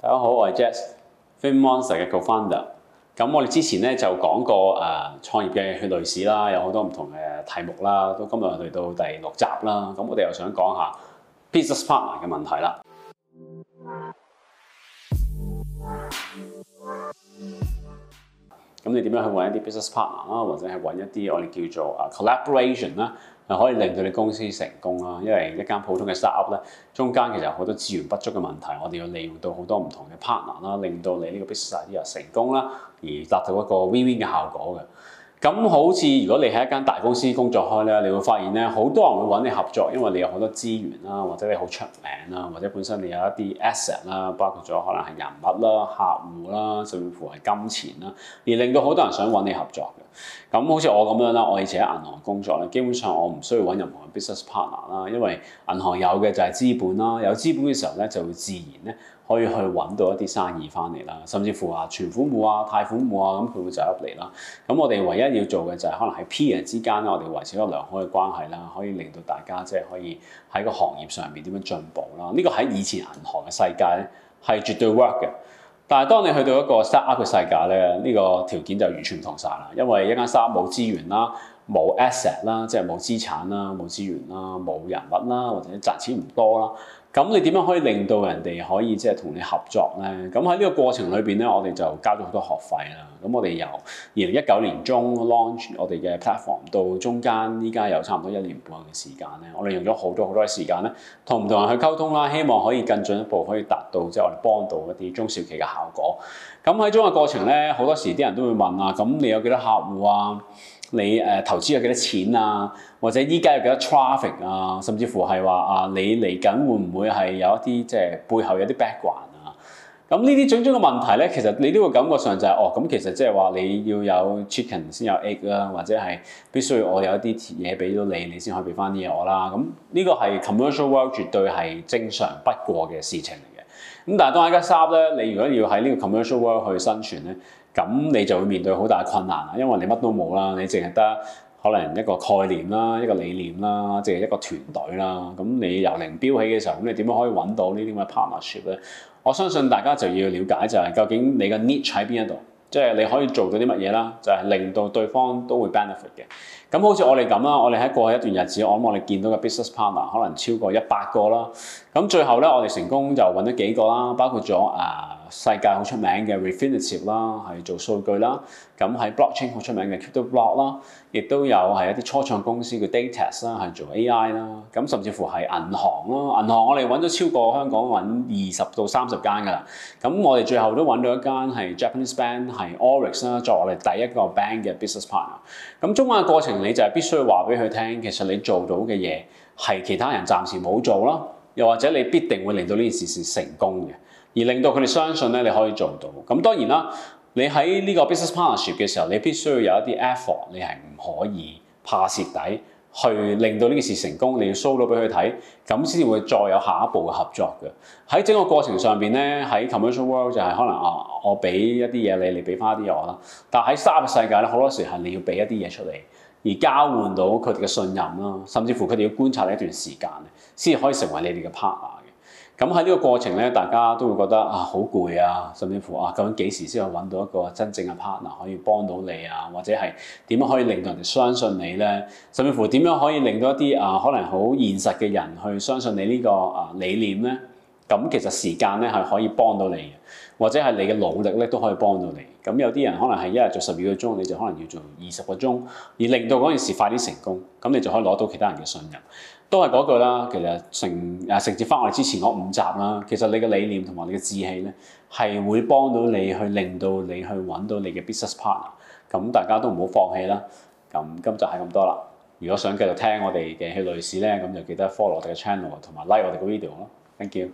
大家好，我係 Jazz，Film Monster 嘅 Co-founder。咁我哋之前咧就講過誒創業嘅血淚史啦，有好多唔同嘅題目啦，到今日嚟到第六集啦，咁我哋又想講下 business partner 嘅問題啦。咁你點樣去搵一啲 business partner 啦，或者係搵一啲我哋叫做啊 collaboration 啦，係可以令到你公司成功啦。因為一間普通嘅 startup 咧，中間其實好多資源不足嘅問題，我哋要利用到好多唔同嘅 partner 啦，令到你呢個 business idea 成功啦，而達到一個 win-win 嘅 win 效果嘅。咁好似如果你喺一間大公司工作開咧，你會發現咧，好多人會揾你合作，因為你有好多資源啦，或者你好出名啦，或者本身你有一啲 asset 啦，包括咗可能係人物啦、客戶啦，甚至乎係金錢啦，而令到好多人想揾你合作嘅。咁好似我咁樣啦，我以前喺銀行工作咧，基本上我唔需要揾任何嘅 business partner 啦，因為銀行有嘅就係資本啦，有資本嘅時候咧就會自然咧可以去揾到一啲生意翻嚟啦，甚至乎話存款戶啊、貸款戶啊咁佢會走入嚟啦。咁我哋唯一要做嘅就係可能喺 peer 之間咧，我哋維持一個良好嘅關係啦，可以令到大家即係可以喺個行業上面點樣進步啦。呢個喺以前銀行嘅世界咧係絕對 work 嘅。但係，當你去到一個 startup 嘅世界咧，呢、呢個條件就完全唔同晒啦。因為一間 startup 冇資源啦，冇 asset 啦，即係冇資產啦，冇資源啦，冇人物啦，或者賺錢唔多啦。咁你點樣可以令到人哋可以即係同你合作咧？咁喺呢個過程裏邊咧，我哋就交咗好多學費啦。咁我哋由二零一九年中 launch 我哋嘅 platform 到中間依家有差唔多一年半嘅時間咧，我哋用咗好多好多時間咧，同唔同人去溝通啦，希望可以更進一步可以達到即係我哋幫到一啲中小企嘅效果。咁喺中嘅過程咧，好多時啲人都會問啊，咁你有幾多客戶啊？你誒、呃、投資有幾多錢啊？或者依家有幾多 traffic 啊？甚至乎係話啊，你嚟緊會唔會。會係有一啲即係背後有啲 background 啊，咁呢啲種種嘅問題咧，其實你呢個感覺上就係、是、哦，咁其實即係話你要有 chicken 先有 egg 啦、啊，或者係必須要我有一啲嘢俾到你，你先可以俾翻啲嘢我啦、啊。咁呢個係 commercial world 絕對係正常不過嘅事情嚟、啊、嘅。咁但係當喺家三 h 咧，你如果要喺呢個 commercial world 去生存咧，咁你就會面對好大困難啦，因為你乜都冇啦，你淨係得。可能一個概念啦，一個理念啦，即係一個團隊啦。咁你由零標起嘅時候，咁你點樣可以揾到呢啲咁嘅 partnership 咧？我相信大家就要了解就係究竟你嘅 niche 喺邊一度，即係你可以做到啲乜嘢啦，就係令到對方都會 benefit 嘅。咁好似我哋咁啦，我哋喺過去一段日子，我諗我哋見到嘅 business partner 可能超過一百個啦。咁最後咧，我哋成功就揾咗幾個啦，包括咗啊。世界好出名嘅 Refinitive 啦，係做數據啦。咁喺 Blockchain 好出名嘅 CryptoBlock 啦，亦都有係一啲初創公司嘅 Datas 啦，係做 AI 啦。咁甚至乎係銀行啦，銀行我哋揾咗超過香港揾二十到三十間㗎啦。咁我哋最後都揾到一間係 Japanese Bank 係 ORIX 啦，作為我哋第一個 Bank 嘅 Business Partner。咁中間嘅過程，你就係必須話俾佢聽，其實你做到嘅嘢係其他人暫時冇做啦。又或者你必定會令到呢件事是成功嘅，而令到佢哋相信咧你可以做到。咁當然啦，你喺呢個 business partnership 嘅時候，你必須要有一啲 effort，你係唔可以怕蝕底，去令到呢件事成功。你要 show 到俾佢睇，咁先至會再有下一步嘅合作嘅。喺整個過程上邊咧，喺 commercial world 就係可能啊，我俾一啲嘢你，你俾翻一啲嘢我啦。但喺 start up 世界咧，好多時係你要俾一啲嘢出嚟。而交換到佢哋嘅信任啦，甚至乎佢哋要觀察你一段時間先可以成為你哋嘅 partner 嘅。咁喺呢個過程咧，大家都會覺得啊好攰啊，甚至乎啊究竟幾時先可以揾到一個真正嘅 partner 可以幫到你啊？或者係點樣可以令到人哋相信你呢？甚至乎點樣可以令到一啲啊可能好現實嘅人去相信你呢個啊理念呢？咁其實時間咧係可以幫到你嘅，或者係你嘅努力咧都可以幫到你。咁有啲人可能係一日做十二個鐘，你就可能要做二十個鐘，而令到嗰件事快啲成功，咁你就可以攞到其他人嘅信任。都係嗰句啦，其實成誒承接翻我哋之前嗰五集啦，其實你嘅理念同埋你嘅志氣咧係會幫到你去令到你去揾到你嘅 business partner。咁大家都唔好放棄啦。咁今集係咁多啦。如果想繼續聽我哋嘅去歷史咧，咁就記得 follow 我哋嘅 channel 同埋 like 我哋嘅 video 咯。Thank you。